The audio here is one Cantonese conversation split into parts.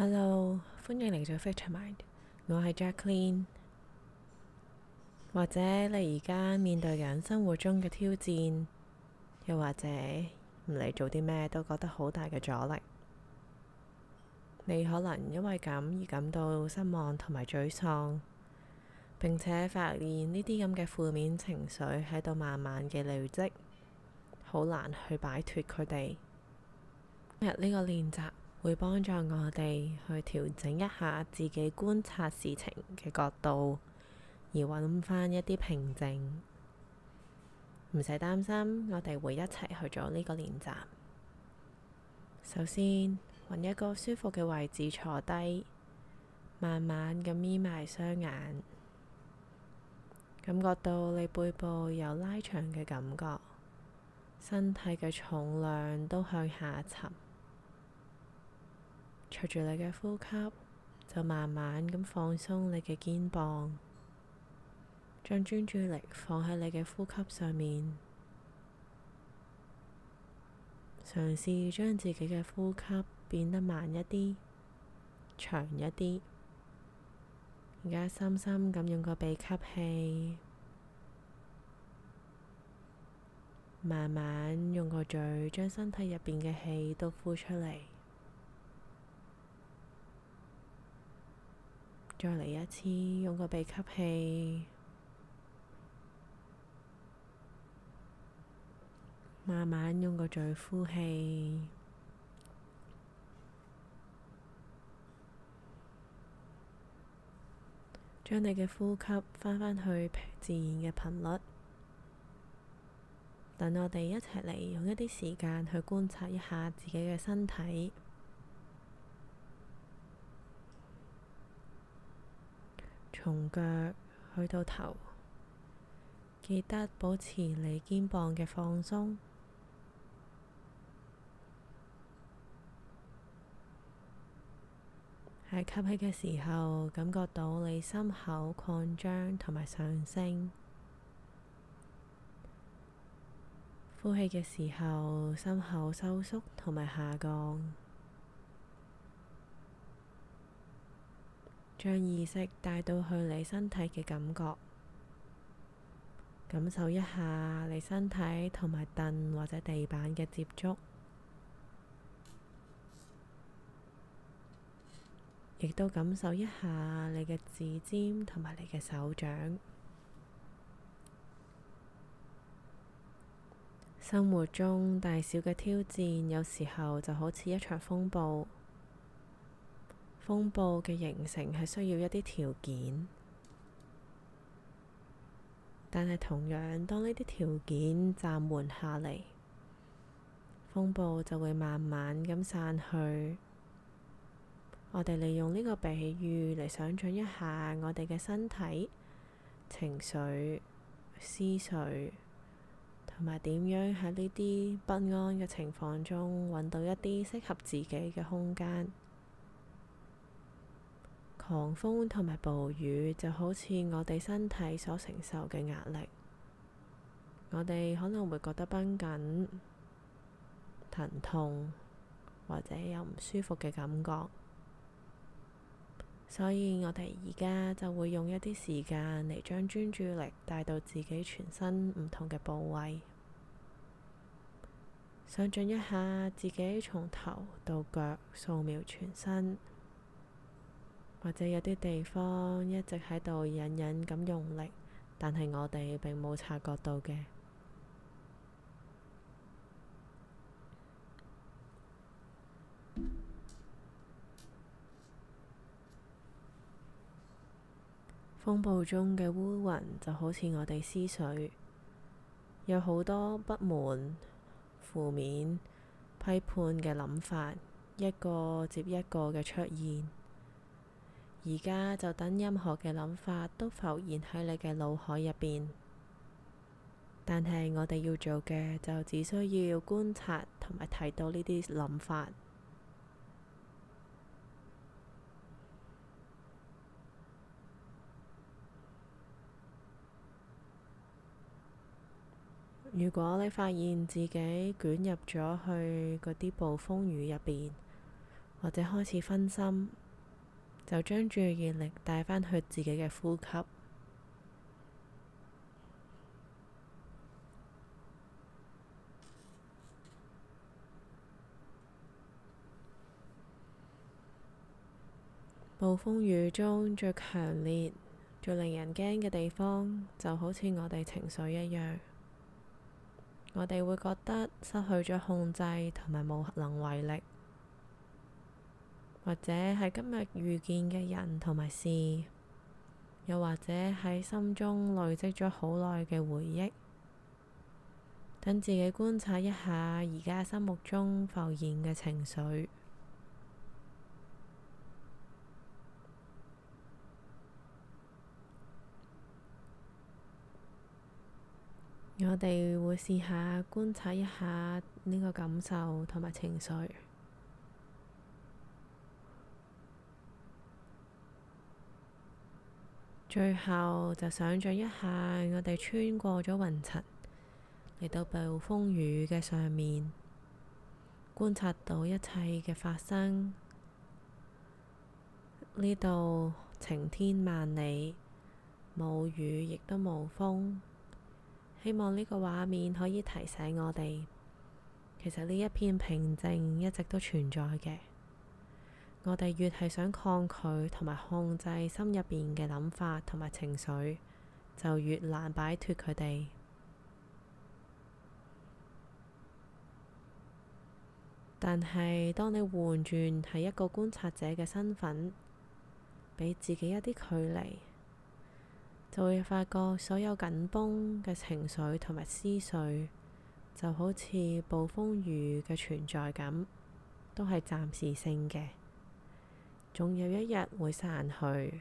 Hello，歡迎嚟到 FetchMind，我係 Jacqueline。或者你而家面對緊生活中嘅挑戰，又或者唔嚟做啲咩都覺得好大嘅阻力，你可能因為咁而感到失望同埋沮喪，並且發現呢啲咁嘅負面情緒喺度慢慢嘅累積，好難去擺脫佢哋。今日呢個練習，會幫助我哋去調整一下自己觀察事情嘅角度，而搵翻一啲平靜，唔使擔心。我哋會一齊去做呢個練習。首先，搵一個舒服嘅位置坐低，慢慢咁眯埋雙眼，感覺到你背部有拉長嘅感覺，身體嘅重量都向下沉。隨住你嘅呼吸，就慢慢咁放鬆你嘅肩膀，將專注力放喺你嘅呼吸上面，嘗試將自己嘅呼吸變得慢一啲、長一啲。而家深深咁用個鼻吸氣，慢慢用個嘴將身體入邊嘅氣都呼出嚟。再嚟一次，用個鼻吸氣，慢慢用個嘴呼氣，將你嘅呼吸翻返去自然嘅頻率。等我哋一齊嚟用一啲時間去觀察一下自己嘅身體。從腳去到頭，記得保持你肩膀嘅放鬆。喺吸氣嘅時候，感覺到你心口擴張同埋上升；呼氣嘅時候，心口收縮同埋下降。將意識帶到去你身體嘅感覺，感受一下你身體同埋凳或者地板嘅接觸，亦都感受一下你嘅指尖同埋你嘅手掌。生活中大小嘅挑戰，有時候就好似一場風暴。風暴嘅形成係需要一啲條件，但係同樣當呢啲條件暫緩下嚟，風暴就會慢慢咁散去。我哋利用呢個比喻嚟想像一下我哋嘅身體、情緒、思緒，同埋點樣喺呢啲不安嘅情況中搵到一啲適合自己嘅空間。狂風同埋暴雨就好似我哋身體所承受嘅壓力，我哋可能會覺得繃緊、疼痛或者有唔舒服嘅感覺，所以我哋而家就會用一啲時間嚟將專注力帶到自己全身唔同嘅部位，想像一下自己從頭到腳掃描全身。或者有啲地方一直喺度隱隱咁用力，但係我哋並冇察覺到嘅。 風暴中嘅烏雲就好似我哋思緒，有好多不滿、負面、批判嘅諗法，一個接一個嘅出現。而家就等任何嘅諗法都浮現喺你嘅腦海入邊，但係我哋要做嘅就只需要觀察同埋睇到呢啲諗法。如果你發現自己捲入咗去嗰啲暴風雨入邊，或者開始分心。就將注意力帶返去自己嘅呼吸。暴風雨中最強烈、最令人驚嘅地方，就好似我哋情緒一樣，我哋會覺得失去咗控制同埋無能為力。或者係今日遇見嘅人同埋事，又或者喺心中累積咗好耐嘅回憶，等自己觀察一下而家心目中浮現嘅情緒。我哋會試下觀察一下呢個感受同埋情緒。最後就想象一下，我哋穿過咗雲層，嚟到暴風雨嘅上面，觀察到一切嘅發生。呢度晴天萬里，冇雨亦都冇風。希望呢個畫面可以提醒我哋，其實呢一片平靜一直都存在嘅。我哋越係想抗拒同埋控制心入邊嘅諗法同埋情緒，就越難擺脫佢哋。但係當你換轉係一個觀察者嘅身份，俾自己一啲距離，就會發覺所有緊繃嘅情緒同埋思緒就好似暴風雨嘅存在咁，都係暫時性嘅。總有一日會散去。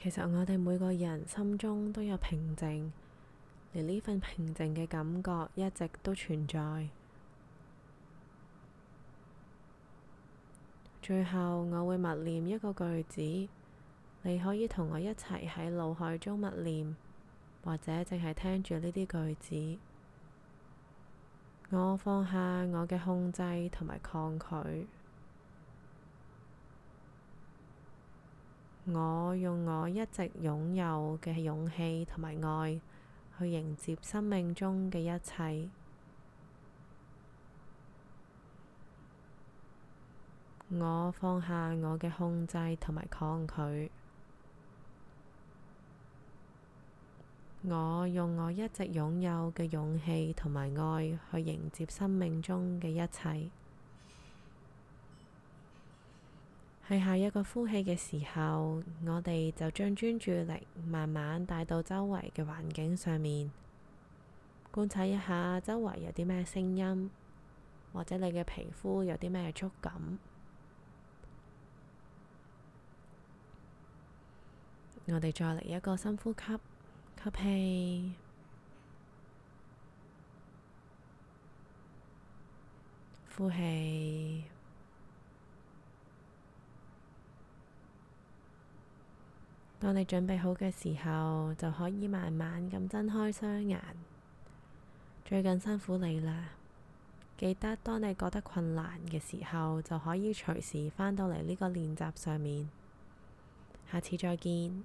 其實，我哋每個人心中都有平靜，而呢份平靜嘅感覺一直都存在。最後，我會默念一個句子，你可以同我一齊喺腦海中默念。或者淨係聽住呢啲句子，我放下我嘅控制同埋抗拒。我用我一直擁有嘅勇氣同埋愛去迎接生命中嘅一切。我放下我嘅控制同埋抗拒。我用我一直擁有嘅勇氣同埋愛去迎接生命中嘅一切。喺下一個呼氣嘅時候，我哋就將專注力慢慢帶到周圍嘅環境上面，觀察一下周圍有啲咩聲音，或者你嘅皮膚有啲咩觸感。我哋再嚟一個深呼吸。吸氣，呼氣。當你準備好嘅時候，就可以慢慢咁睜開雙眼。最近辛苦你啦！記得當你覺得困難嘅時候，就可以隨時返到嚟呢個練習上面。下次再見。